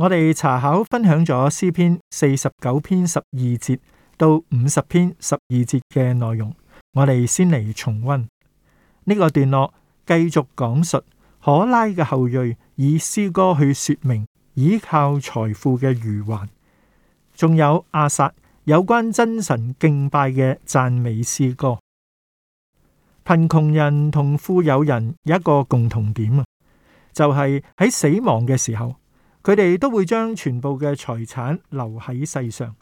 我哋查考分享咗詩篇四十九篇十二節到五十篇十二節嘅內容。我哋先嚟重溫呢個段落，繼續講述可拉嘅後裔以詩歌去說明倚靠財富嘅余環，仲有亞薩有關真神敬拜嘅讚美詩歌。貧窮人同富有人有一個共同點啊，就係喺死亡嘅時候。佢哋都會將全部嘅財產留喺世上，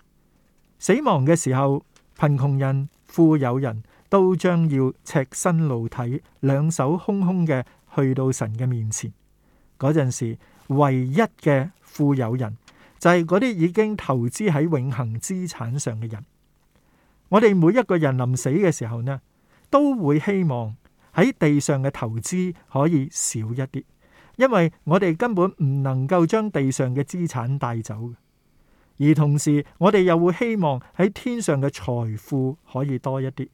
死亡嘅時候，貧窮人、富有人都將要赤身露體、兩手空空嘅去到神嘅面前。嗰陣時，唯一嘅富有人就係嗰啲已經投資喺永恆資產上嘅人。我哋每一個人臨死嘅時候呢，都會希望喺地上嘅投資可以少一啲。因為我哋根本唔能夠將地上嘅資產帶走，而同時我哋又會希望喺天上嘅財富可以多一啲，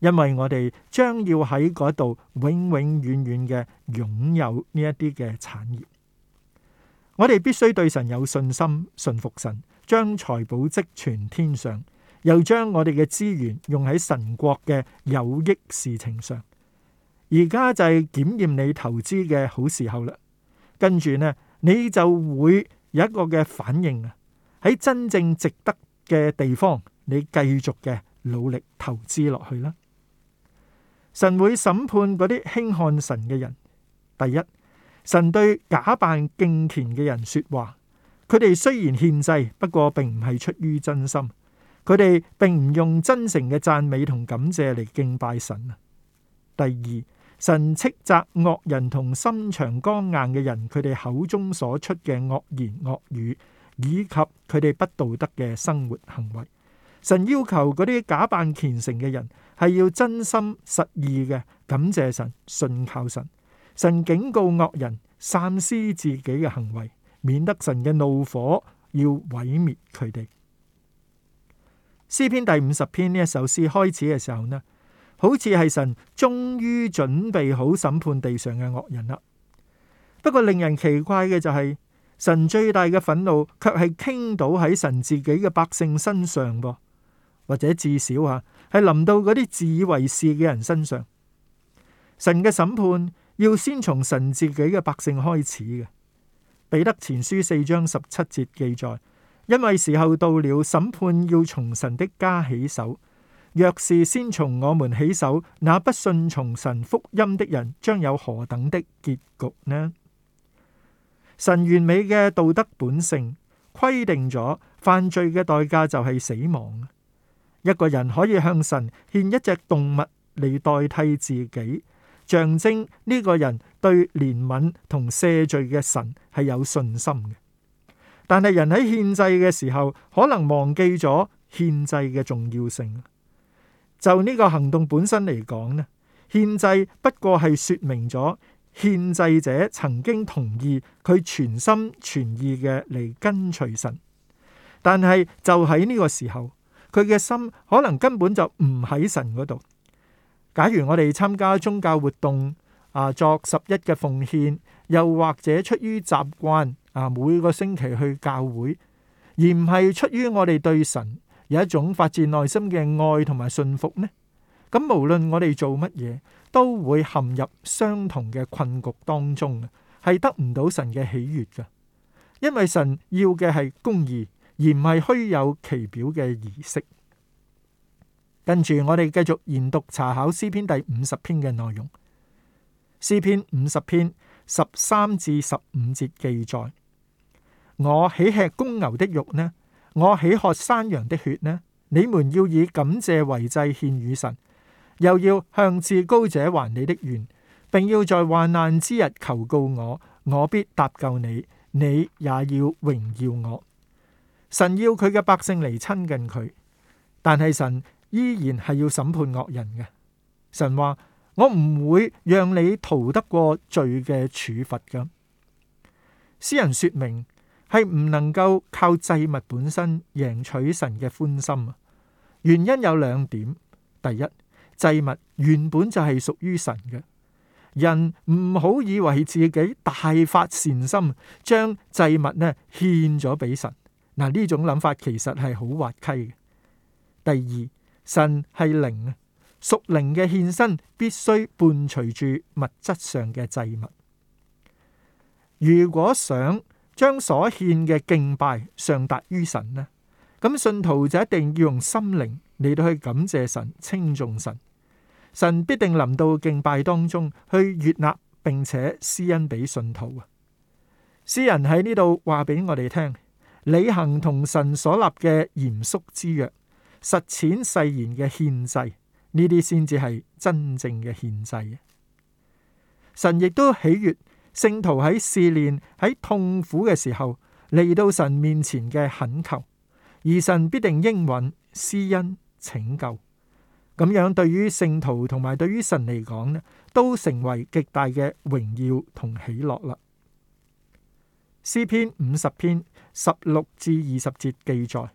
因為我哋將要喺嗰度永永遠遠嘅擁有呢一啲嘅產業。我哋必須對神有信心，信服神，將財寶積存天上，又將我哋嘅資源用喺神國嘅有益事情上。而家就係檢驗你投資嘅好時候啦。跟住呢你就會有一個嘅反應啊！喺真正值得嘅地方，你繼續嘅努力投資落去啦。神會審判嗰啲輕看神嘅人。第一，神對假扮敬虔嘅人說話，佢哋雖然獻祭，不過並唔係出於真心。佢哋並唔用真誠嘅讚美同感謝嚟敬拜神啊。第二。神斥責惡人同心腸剛硬嘅人，佢哋口中所出嘅惡言惡語，以及佢哋不道德嘅生活行為。神要求嗰啲假扮虔誠嘅人係要真心實意嘅感謝神、信靠神。神警告惡人，善思自己嘅行為，免得神嘅怒火要毀滅佢哋。詩篇第五十篇呢一首詩開始嘅時候呢，好似係神終於準備好審判地上嘅惡人啦。不過令人奇怪嘅就係、是，神最大嘅憤怒卻係傾倒喺神自己嘅百姓身上噃，或者至少吓係臨到嗰啲自以為是嘅人身上。神嘅審判要先從神自己嘅百姓開始嘅。彼得前書四章十七節記載：因為時候到了，審判要從神的家起手。若是先從我們起手，那不信從神福音的人將有何等的結局呢？神完美嘅道德本性規定咗犯罪嘅代價就係死亡。一個人可以向神獻一隻動物嚟代替自己，象徵呢個人對憐憫同赦罪嘅神係有信心嘅。但係人喺獻祭嘅時候，可能忘記咗獻祭嘅重要性。就呢個行動本身嚟講呢，獻祭不過係說明咗獻祭者曾經同意佢全心全意嘅嚟跟隨神，但係就喺呢個時候，佢嘅心可能根本就唔喺神嗰度。假如我哋參加宗教活動啊，作十一嘅奉獻，又或者出於習慣啊，每個星期去教會，而唔係出於我哋對神，有一種發自內心嘅愛同埋信服呢？咁無論我哋做乜嘢，都會陷入相同嘅困局當中，係得唔到神嘅喜悦噶。因為神要嘅係公義，而唔係虛有其表嘅儀式。跟住我哋繼續研讀查考詩篇第五十篇嘅內容。詩篇五十篇十三至十五節記載：我喜吃公牛的肉呢？我豈喝山羊的血呢？你們要以感謝為祭獻與神，又要向至高者還你的願，並要在患難之日求告我，我必搭救你。你也要榮耀我。神要佢嘅百姓嚟親近佢，但係神依然係要審判惡人嘅。神話我唔會讓你逃得過罪嘅處罰㗎。詩人說明，係唔能夠靠祭物本身贏取神嘅歡心啊。原因有兩點：第一，祭物原本就係屬於神嘅，人唔好以為自己大發善心，將祭物呢獻咗俾神。嗱，呢種諗法其實係好滑稽嘅。第二，神係靈啊，屬靈嘅獻身必須伴隨住物質上嘅祭物。如果想，將所獻嘅敬拜上達於神呢？咁信徒就一定要用心靈嚟到去感謝神、稱重神。神必定臨到敬拜當中去悅納，並且施恩俾信徒啊！詩人喺呢度話俾我哋聽，履行同神所立嘅嚴肅之約，實踐誓言嘅獻祭，呢啲先至係真正嘅獻祭啊！神亦都喜悅。聖徒喺試煉、喺痛苦嘅時候嚟到神面前嘅懇求，而神必定應允、施恩、拯救。咁樣對於聖徒同埋對於神嚟講呢，都成為極大嘅榮耀同喜樂啦。詩篇五十篇十六至二十節記載，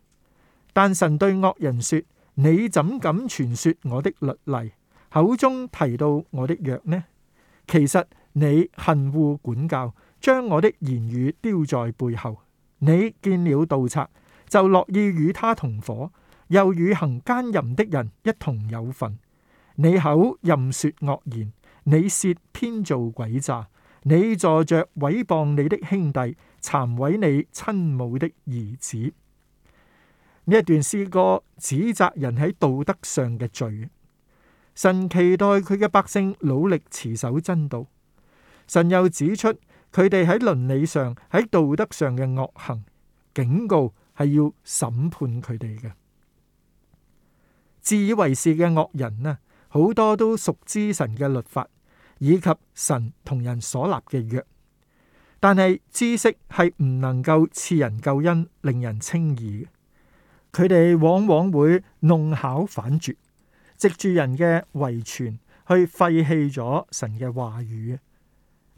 但神對惡人說：你怎敢傳說我的律例，口中提到我的約呢？其實。你恨惡管教，將我的言語丟在背後。你見了盜賊就樂意與他同伙，又與行奸淫的人一同有份。你口任說惡言，你舌編造詭詐，你坐着毀謗你的兄弟，殘毀你親母的兒子。呢一段詩歌指責人喺道德上嘅罪，神期待佢嘅百姓努力持守真道。神又指出佢哋喺倫理上、喺道德上嘅惡行，警告係要審判佢哋嘅。自以為是嘅惡人呢，好多都熟知神嘅律法以及神同人所立嘅約，但係知識係唔能夠賜人救恩，令人稱義嘅。佢哋往往會弄巧反拙，藉住人嘅遺傳去廢棄咗神嘅話語。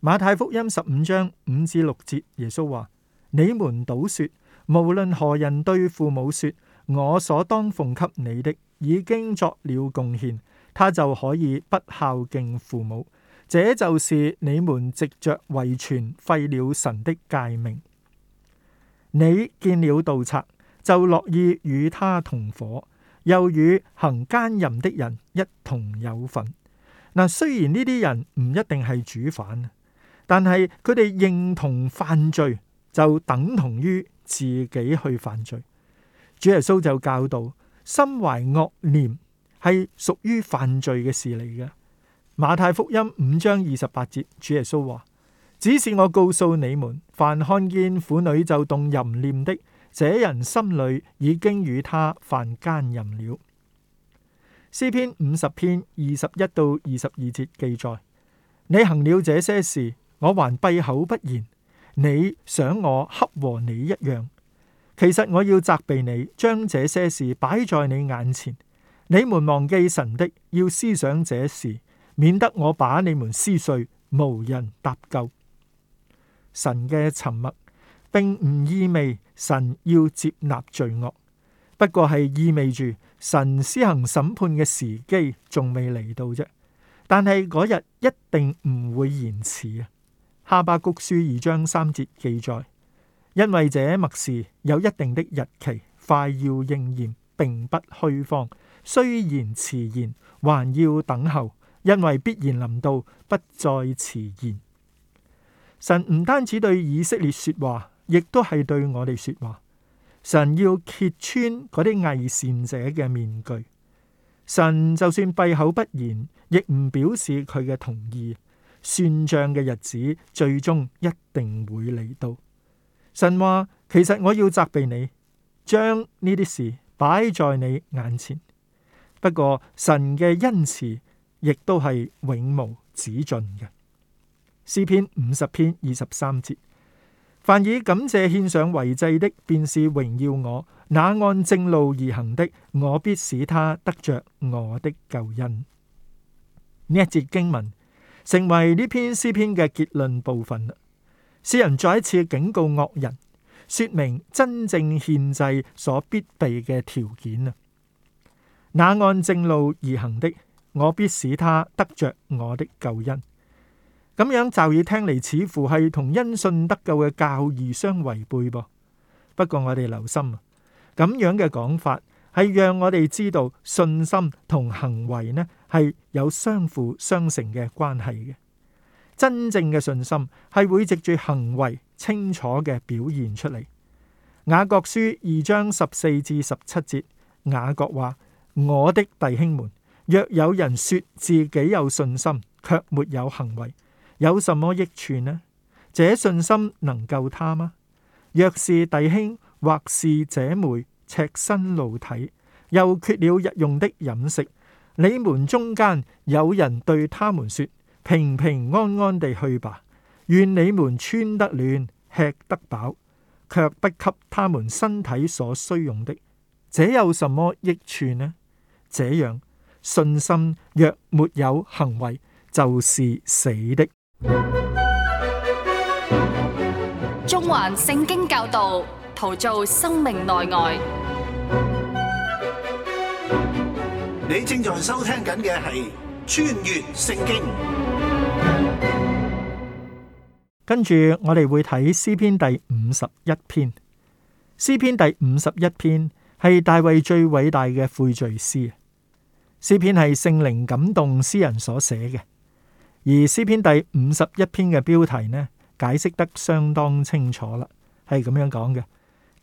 馬太福音十五章五至六節，耶穌話：你們倒說，無論何人對父母說，我所當奉給你的已經作了供獻，他就可以不孝敬父母。這就是你們藉着遺傳廢了神的誡命。你見了盜賊，就樂意與他同夥，又與行奸淫的人一同有份。嗱，雖然呢啲人唔一定係主犯。但係佢哋認同犯罪，就等同於自己去犯罪。主耶穌就教導：心懷惡念係屬於犯罪嘅事嚟嘅。馬太福音五章二十八節，主耶穌話：只是我告訴你們，凡看見婦女就動淫念的，這人心裏已經與他犯奸淫了。詩篇五十篇二十一到二十二節記載：你行了這些事。我還閉口不言。你想我恰和你一樣？其實我要責備你，將這些事擺在你眼前。你們忘記神的，要思想這事，免得我把你們撕碎，無人搭救。神嘅沉默，並唔意味神要接納罪惡，不過係意味住神施行審判嘅時機仲未嚟到啫。但係嗰日一定唔會延遲啊！《哈巴谷書》二章三節記載，因為這默示有一定的日期，快要應驗，並不虛謊。雖然遲延，還要等候，因為必然臨到，不再遲延。神唔單止對以色列說話，亦都係對我哋說話。神要揭穿嗰啲偽善者嘅面具。神就算閉口不言，亦唔表示佢嘅同意。算賬嘅日子最終一定會嚟到。神話，其實我要責備你，將呢啲事擺在你眼前。不過神嘅恩慈亦都係永無止盡嘅。詩篇五十篇二十三節：凡以感謝獻上為祭的，便是榮耀我；那按正路而行的，我必使他得着我的救恩。呢一節經文。成為呢篇詩篇嘅結論部分啦，詩人再一次警告惡人，說明真正獻祭所必備嘅條件啊！那按正路而行的，我必使他得着我的救恩。咁樣就以聽嚟，似乎係同因信得救嘅教義相違背噃。不過我哋留心啊，咁樣嘅講法。係讓我哋知道信心同行為呢係有相輔相成嘅關係嘅。真正嘅信心係會藉住行為清楚嘅表現出嚟。雅各書二章十四至十七節，雅各話：我的弟兄們，若有人說自己有信心，卻沒有行為，有什麼益處呢？這信心能救他嗎？若是弟兄或是姐妹，赤身露體，又缺了日用的飲食。你們中間有人對他們說：平平安安地去吧，願你們穿得暖，吃得飽，却不給他們身體所需用的，這有什麼益處呢？這樣信心若沒有行為，就是死的。中環聖經教導。陶造生命內外，你正在收聽緊嘅係《穿越聖經》。跟住我哋會睇詩篇第五十一篇。詩篇第五十一篇係大衛最偉大嘅悔罪詩。詩篇係聖靈感動詩人所寫嘅，而詩篇第五十一篇嘅標題呢，解釋得相當清楚啦，係咁樣講嘅。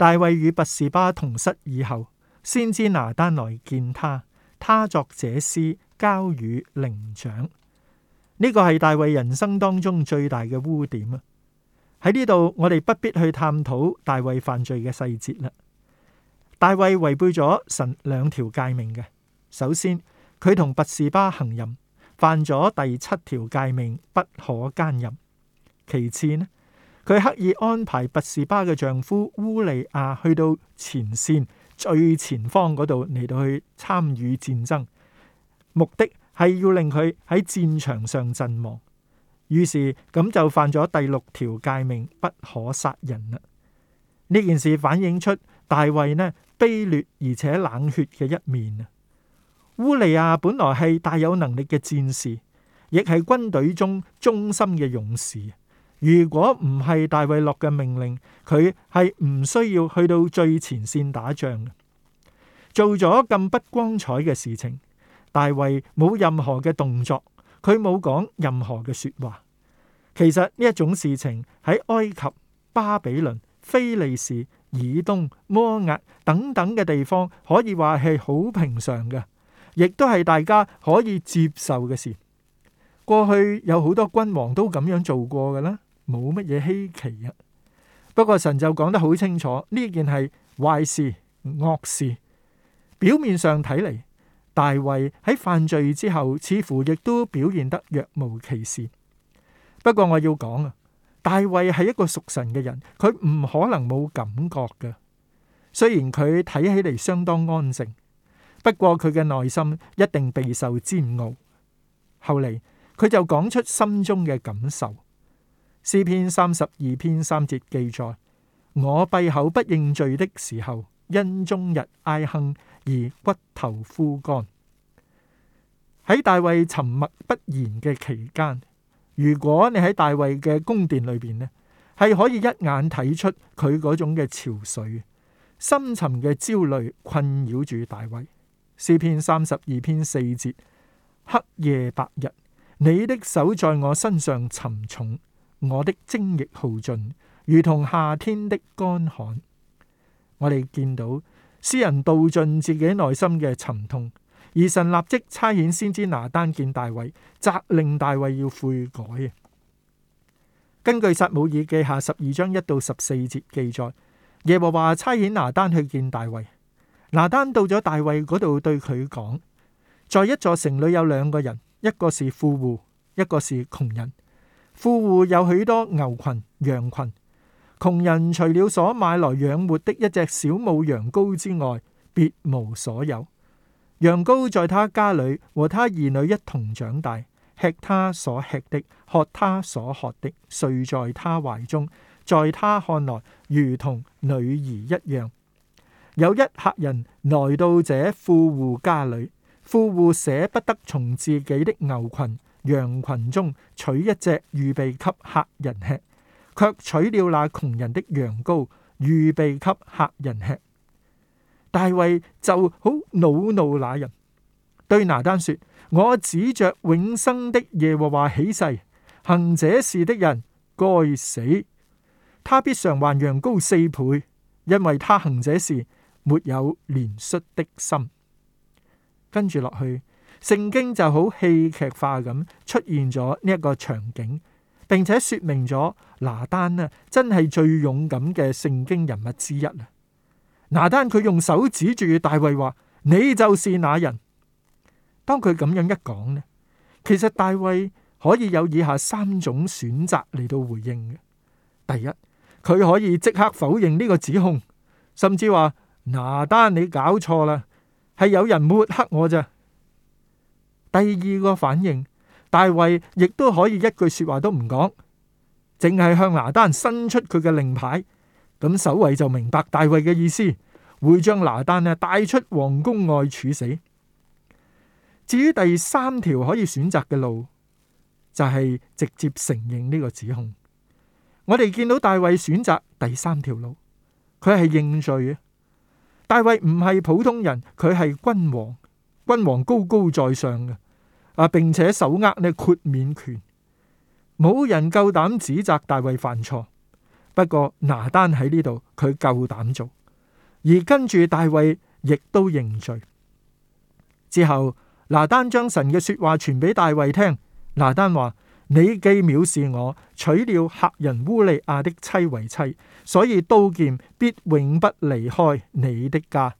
大衛與拔士巴同室以後，先知拿單來見他，他作這詩交與伶長。呢、這個係大衛人生當中最大嘅污點啊！喺呢度，我哋不必去探討大衛犯罪嘅細節啦。大衛違背咗神兩條誡命嘅。首先，佢同拔士巴行淫，犯咗第七條誡命，不可姦淫。其次呢？佢刻意安排拔士巴嘅丈夫烏利亞去到前線最前方嗰度嚟到去參與戰爭，目的係要令佢喺戰場上陣亡。於是咁就犯咗第六條誡命，不可殺人啦。呢件事反映出大衛呢卑劣而且冷血嘅一面啊！烏利亞本來係大有能力嘅戰士，亦係軍隊中忠心嘅勇士。如果唔係大衛落嘅命令，佢係唔需要去到最前線打仗。做咗咁不光彩嘅事情，大衛冇任何嘅動作，佢冇講任何嘅說話。其實呢一種事情喺埃及、巴比倫、非利士、以東、摩押等等嘅地方，可以話係好平常嘅，亦都係大家可以接受嘅事。過去有好多君王都咁樣做過㗎啦。冇乜嘢稀奇啊！不過神就講得好清楚，呢件係壞事、惡事。表面上睇嚟，大衛喺犯罪之後，似乎亦都表現得若無其事。不過我要講啊，大衛係一個屬神嘅人，佢唔可能冇感覺嘅。雖然佢睇起嚟相當安靜，不過佢嘅內心一定備受煎熬。後嚟，佢就講出心中嘅感受。詩篇三十二篇三節記載：我閉口不認罪的時候，因終日哀哼而骨頭枯乾。喺大衛沉默不言嘅期間，如果你喺大衛嘅宮殿裏邊咧，係可以一眼睇出佢嗰種嘅憔悴、深沉嘅焦慮，困擾住大衛。詩篇三十二篇四節：黑夜白日，你的手在我身上沉重。我的精液耗盡，如同夏天的乾旱。我哋見到詩人道盡自己內心嘅沉痛，而神立即差遣先知拿單見大衛，責令大衛要悔改。根據撒母耳記下十二章一到十四節記載，耶和華差遣拿單去見大衛。拿單到咗大衛嗰度，對佢講：在一座城裏有兩個人，一個是富戶，一個是窮人。富戶有許多牛群、羊群。窮人除了所買來養活的一隻小母羊羔之外，別無所有。羊羔在他家裏和他兒女一同長大，吃他所吃的，喝他所喝的，睡在他懷中，在他看來如同女兒一樣。有一客人來到這富戶家裏，富戶捨不得從自己的牛群、羊群中取一隻預備給客人吃，卻取了那窮人的羊羔預備給客人吃。大衛就好惱怒那人，對拿單說：我指着永生的耶和華起誓，行這事的人該死，他必償還羊羔四倍，因為他行這事沒有憐恤的心。跟住落去。聖經就好戲劇化咁出現咗呢一個場景，並且說明咗拿單呢真係最勇敢嘅聖經人物之一啦。拿單佢用手指住大衛話：你就是那人。當佢咁樣一講呢，其實大衛可以有以下三種選擇嚟到回應嘅。第一，佢可以即刻否認呢個指控，甚至話拿單你搞錯啦，係有人抹黑我咋。第二個反應，大衛亦都可以一句說話都唔講，淨係向拿單伸出佢嘅令牌。咁守衛就明白大衛嘅意思，會將拿單呢，帶帶出皇宮外處死。至於第三條可以選擇嘅路，就係、是、直接承認呢個指控。我哋見到大衛選擇第三條路，佢係認罪啊！大衛唔係普通人，佢係君王。君王高高在上嘅，啊，並且手握呢豁免權，冇人夠膽指責大衛犯錯。不過拿單喺呢度，佢夠膽做，而跟住大衛亦都認罪。之後拿單將神嘅說話傳俾大衛聽。拿單話：你既藐視我，娶了客人烏利亞的妻為妻，所以刀劍必永不離開你的家。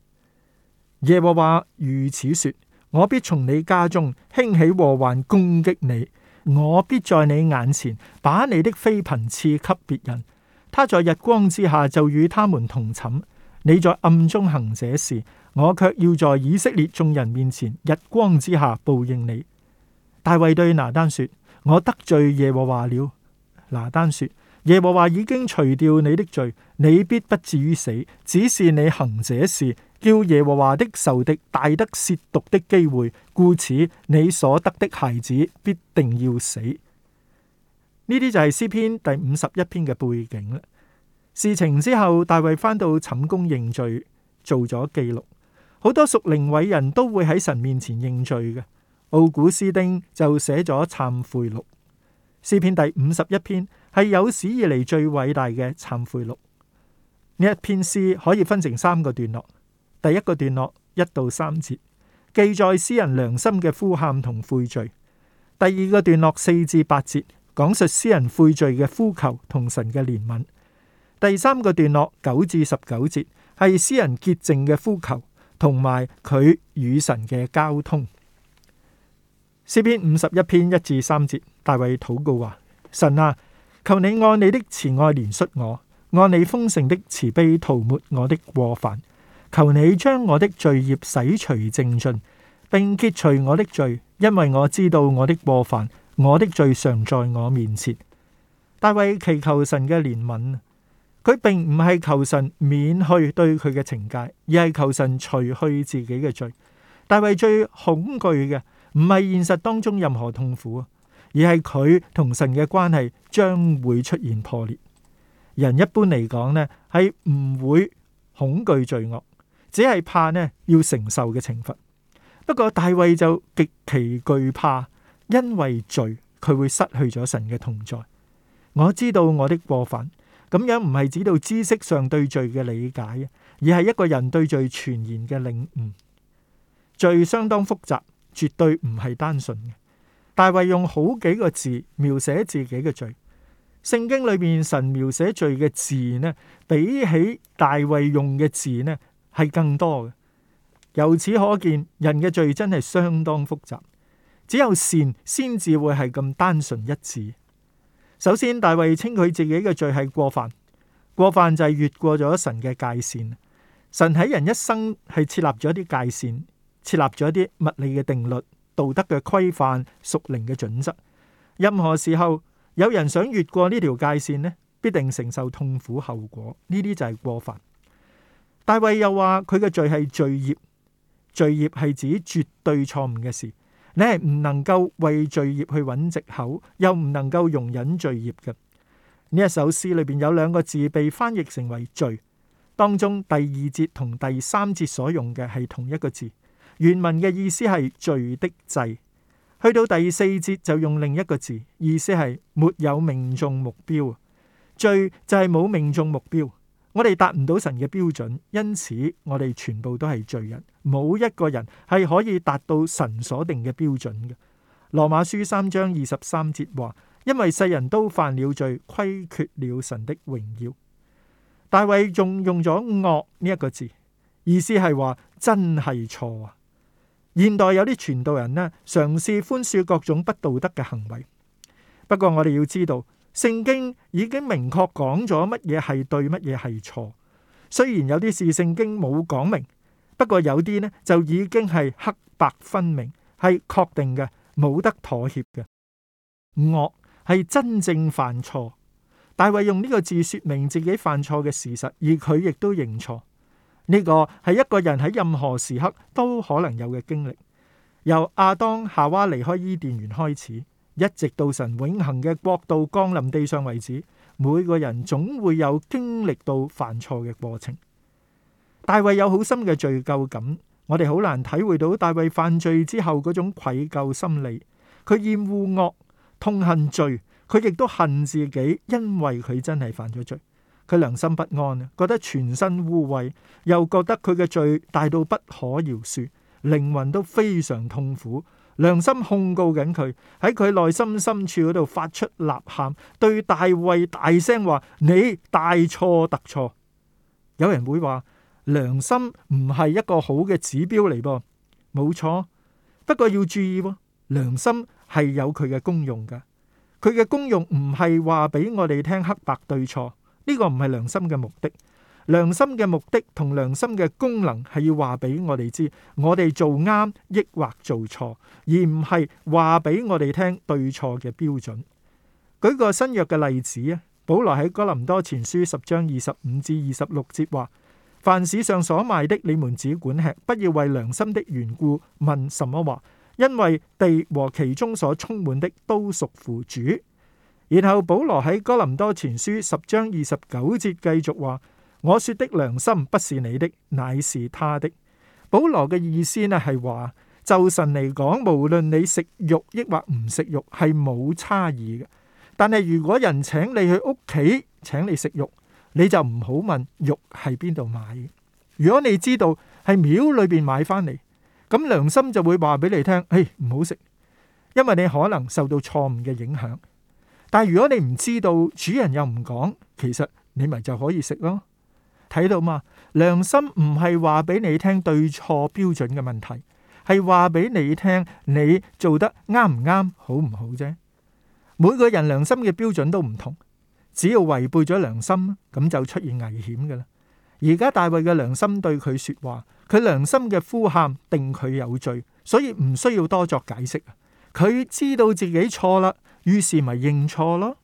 耶和華如此說：我必從你家中興起禍患攻擊你，我必在你眼前把你的妃嬪賜給別人。他在日光之下就與他們同寢，你在暗中行這事，我卻要在以色列眾人面前日光之下報應你。大衛對拿單說：我得罪耶和華了。拿單說：耶和華已經除掉你的罪，你必不至於死，只是你行這事，叫耶和華的仇敵大得褻瀆的機會，故此你所得的孩子必定要死。呢啲就係詩篇第五十一篇嘅背景啦。事情之後，大衛返到寢宮認罪，做咗記錄。好多屬靈偉人都會喺神面前認罪嘅。奧古斯丁就寫咗懺悔錄。詩篇第五十一篇係有史以嚟最偉大嘅懺悔錄。呢一篇詩可以分成三個段落。第一個段落一到三節記載詩人良心嘅呼喊同悔罪。第二個段落四至八節講述詩人悔罪嘅呼求同神嘅憐憫。第三個段落九至十九節係詩人潔淨嘅呼求同埋佢與神嘅交通。詩篇五十一篇一至三節，大衛禱告話：神啊，求你按你的慈愛憐恤我，按你豐盛的慈悲塗抹我的過犯。求你將我的罪孽洗除淨盡，並潔除我的罪，因為我知道我的過犯，我的罪常在我面前。大衛祈求神嘅憐憫，佢並唔係求神免去對佢嘅懲戒，而係求神除去自己嘅罪。大衛最恐懼嘅唔係現實當中任何痛苦，而係佢同神嘅關係將會出現破裂。人一般嚟講呢，係唔會恐懼罪惡。只係怕呢，要承受嘅懲罰。不過大衛就極其懼怕，因為罪佢會失去咗神嘅同在。我知道我的過犯，咁樣唔係指到知識上對罪嘅理解，而係一個人對罪全然嘅領悟。罪相當複雜，絕對唔係單純嘅。大衛用好幾個字描寫自己嘅罪。聖經裏面神描寫罪嘅字呢，比起大衛用嘅字呢，係更多嘅，由此可見人嘅罪真係相當複雜，只有善先至會係咁單純一致。首先，大衛稱佢自己嘅罪係過犯，過犯就係越過咗神嘅界線。神喺人一生係設立咗啲界線，設立咗啲物理嘅定律，道德嘅規範，屬靈嘅準則。任何時候有人想越過呢條界線，呢必定承受痛苦後果。呢啲就係過犯。大衛又話佢嘅罪係罪孽，罪孽係指絕對錯誤嘅事。你係唔能夠為罪孽去揾藉口，又唔能夠容忍罪孽嘅。呢一首詩裏邊有兩個字被翻譯成為罪，當中第二節同第三節所用嘅係同一個字。原文嘅意思係罪的制，去到第四節就用另一個字，意思係沒有命中目標。罪就係冇命中目標。我哋達唔到神嘅標準，因此我哋全部都係罪人，冇一個人係可以達到神所定嘅標準嘅。羅馬書三章二十三節話：因為世人都犯了罪，虧缺了神的榮耀。大衛仲用咗惡呢一個字，意思係話真係錯啊！現代有啲傳道人呢，嘗試寬恕各種不道德嘅行為，不過我哋要知道。聖經已經明確講咗乜嘢係對，乜嘢係錯。雖然有啲事聖經冇講明，不過有啲呢就已經係黑白分明，係確定嘅，冇得妥協嘅。惡係真正犯錯。大衛用呢個字說明自己犯錯嘅事實，而佢亦都認錯。呢個係一個人喺任何時刻都可能有嘅經歷，由亞當夏娃離開伊甸園開始。一直到神永恆嘅國度降臨地上為止，每個人總會有經歷到犯錯嘅過程。大衛有好深嘅罪疚感，我哋好難體會到大衛犯罪之後嗰種愧疚心理。佢厭惡惡，痛恨罪，佢亦都恨自己，因為佢真係犯咗罪。佢良心不安啊，覺得全身污穢，又覺得佢嘅罪大到不可饒恕，靈魂都非常痛苦。良心控告緊佢，喺佢內心深處嗰度發出吶喊，對大衛大聲話：你大錯特錯。有人會話良心唔係一個好嘅指標嚟噃、哦，冇錯。不過要注意喎、哦，良心係有佢嘅功用噶，佢嘅功用唔係話俾我哋聽黑白對錯呢、這個唔係良心嘅目的。良心嘅目的同良心嘅功能係要話俾我哋知，我哋做啱抑或做錯，而唔係話俾我哋聽對錯嘅標準。舉個新約嘅例子啊，保羅喺哥林多前書十章二十五至二十六節話，凡市上所賣的，你們只管吃，不要為良心的緣故問什麼話，因為地和其中所充滿的都屬乎主。然後保羅喺哥林多前書十章二十九節繼續話。我說的良心不是你的，乃是他的。保羅嘅意思呢係話，就神嚟講，無論你食肉抑或唔食肉係冇差異嘅。但係如果人請你去屋企，請你食肉，你就唔好問肉喺邊度買。如果你知道係廟裏邊買翻嚟，咁良心就會話俾你聽，誒，唔好食，因為你可能受到錯誤嘅影響。但如果你唔知道，主人又唔講，其實你咪就可以食咯。睇到嘛？良心唔係話俾你聽對錯標準嘅問題，係話俾你聽你做得啱唔啱、好唔好啫。每個人良心嘅標準都唔同，只要違背咗良心，咁就出現危險㗎喇。而家大衛嘅良心對佢說話，佢良心嘅呼喊定佢有罪，所以唔需要多作解釋。佢知道自己錯啦，於是咪認錯咯。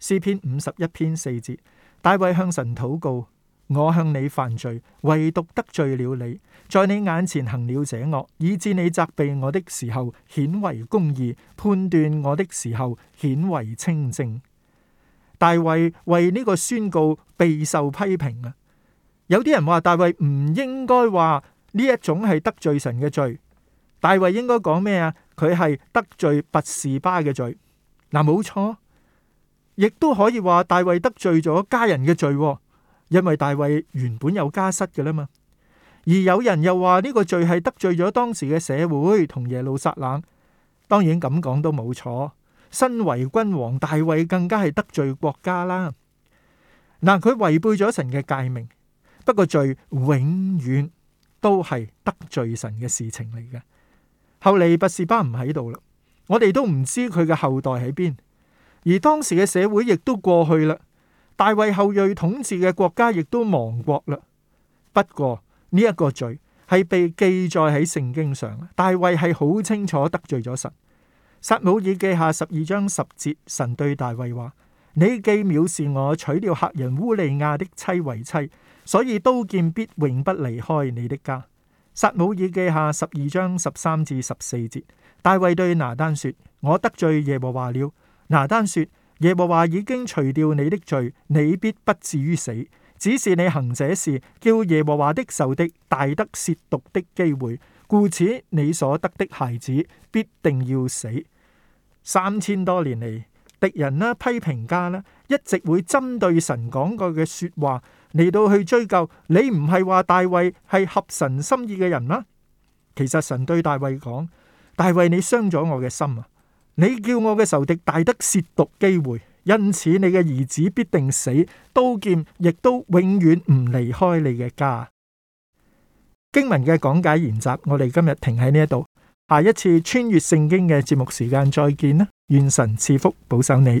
詩篇五十一篇四節，大衛向神禱告。我向你犯罪，唯獨得罪了你，在你眼前行了這惡，以致你責備我的時候顯為公義，判斷我的時候顯為清正。大衛為呢個宣告備受批評啊！有啲人話大衛唔應該話呢一種係得罪神嘅罪，大衛應該講咩啊？佢係得罪拔士巴嘅罪。嗱，冇錯，亦都可以話大衛得罪咗家人嘅罪。因為大衛原本有家室嘅啦嘛，而有人又話呢個罪係得罪咗當時嘅社會同耶路撒冷。當然咁講都冇錯，身為君王大衛更加係得罪國家啦。嗱，佢違背咗神嘅誡命，不過罪永遠都係得罪神嘅事情嚟嘅。後嚟拔士巴唔喺度啦，我哋都唔知佢嘅後代喺邊，而當時嘅社會亦都過去啦。大衛後裔統治嘅國家亦都亡國啦。不過呢一個罪係被記載喺聖經上，大衛係好清楚得罪咗神。撒母耳記下十二章十節，神對大衛話：你既藐視我，娶了客人烏利亞的妻為妻，所以刀劍必永不離開你的家。撒母耳記下十二章十三至十四節，大衛對拿單說：我得罪耶和華了。拿單說。耶和華已經除掉你的罪，你必不至於死。只是你行這事，叫耶和華的仇敵大得褻瀆的機會，故此你所得的孩子必定要死。三千多年嚟，敵人啦、啊、批評家啦、啊，一直會針對神講過嘅說話嚟到去追究。你唔係話大衛係合神心意嘅人嗎？其實神對大衛講：大衛，你傷咗我嘅心啊！你叫我嘅仇敵大得褻瀆機會，因此你嘅兒子必定死，刀劍亦都永遠唔離開你嘅家。經文嘅講解研習，我哋今日停喺呢一度，下一次穿越聖經嘅節目時間再見啦！願神賜福保守你。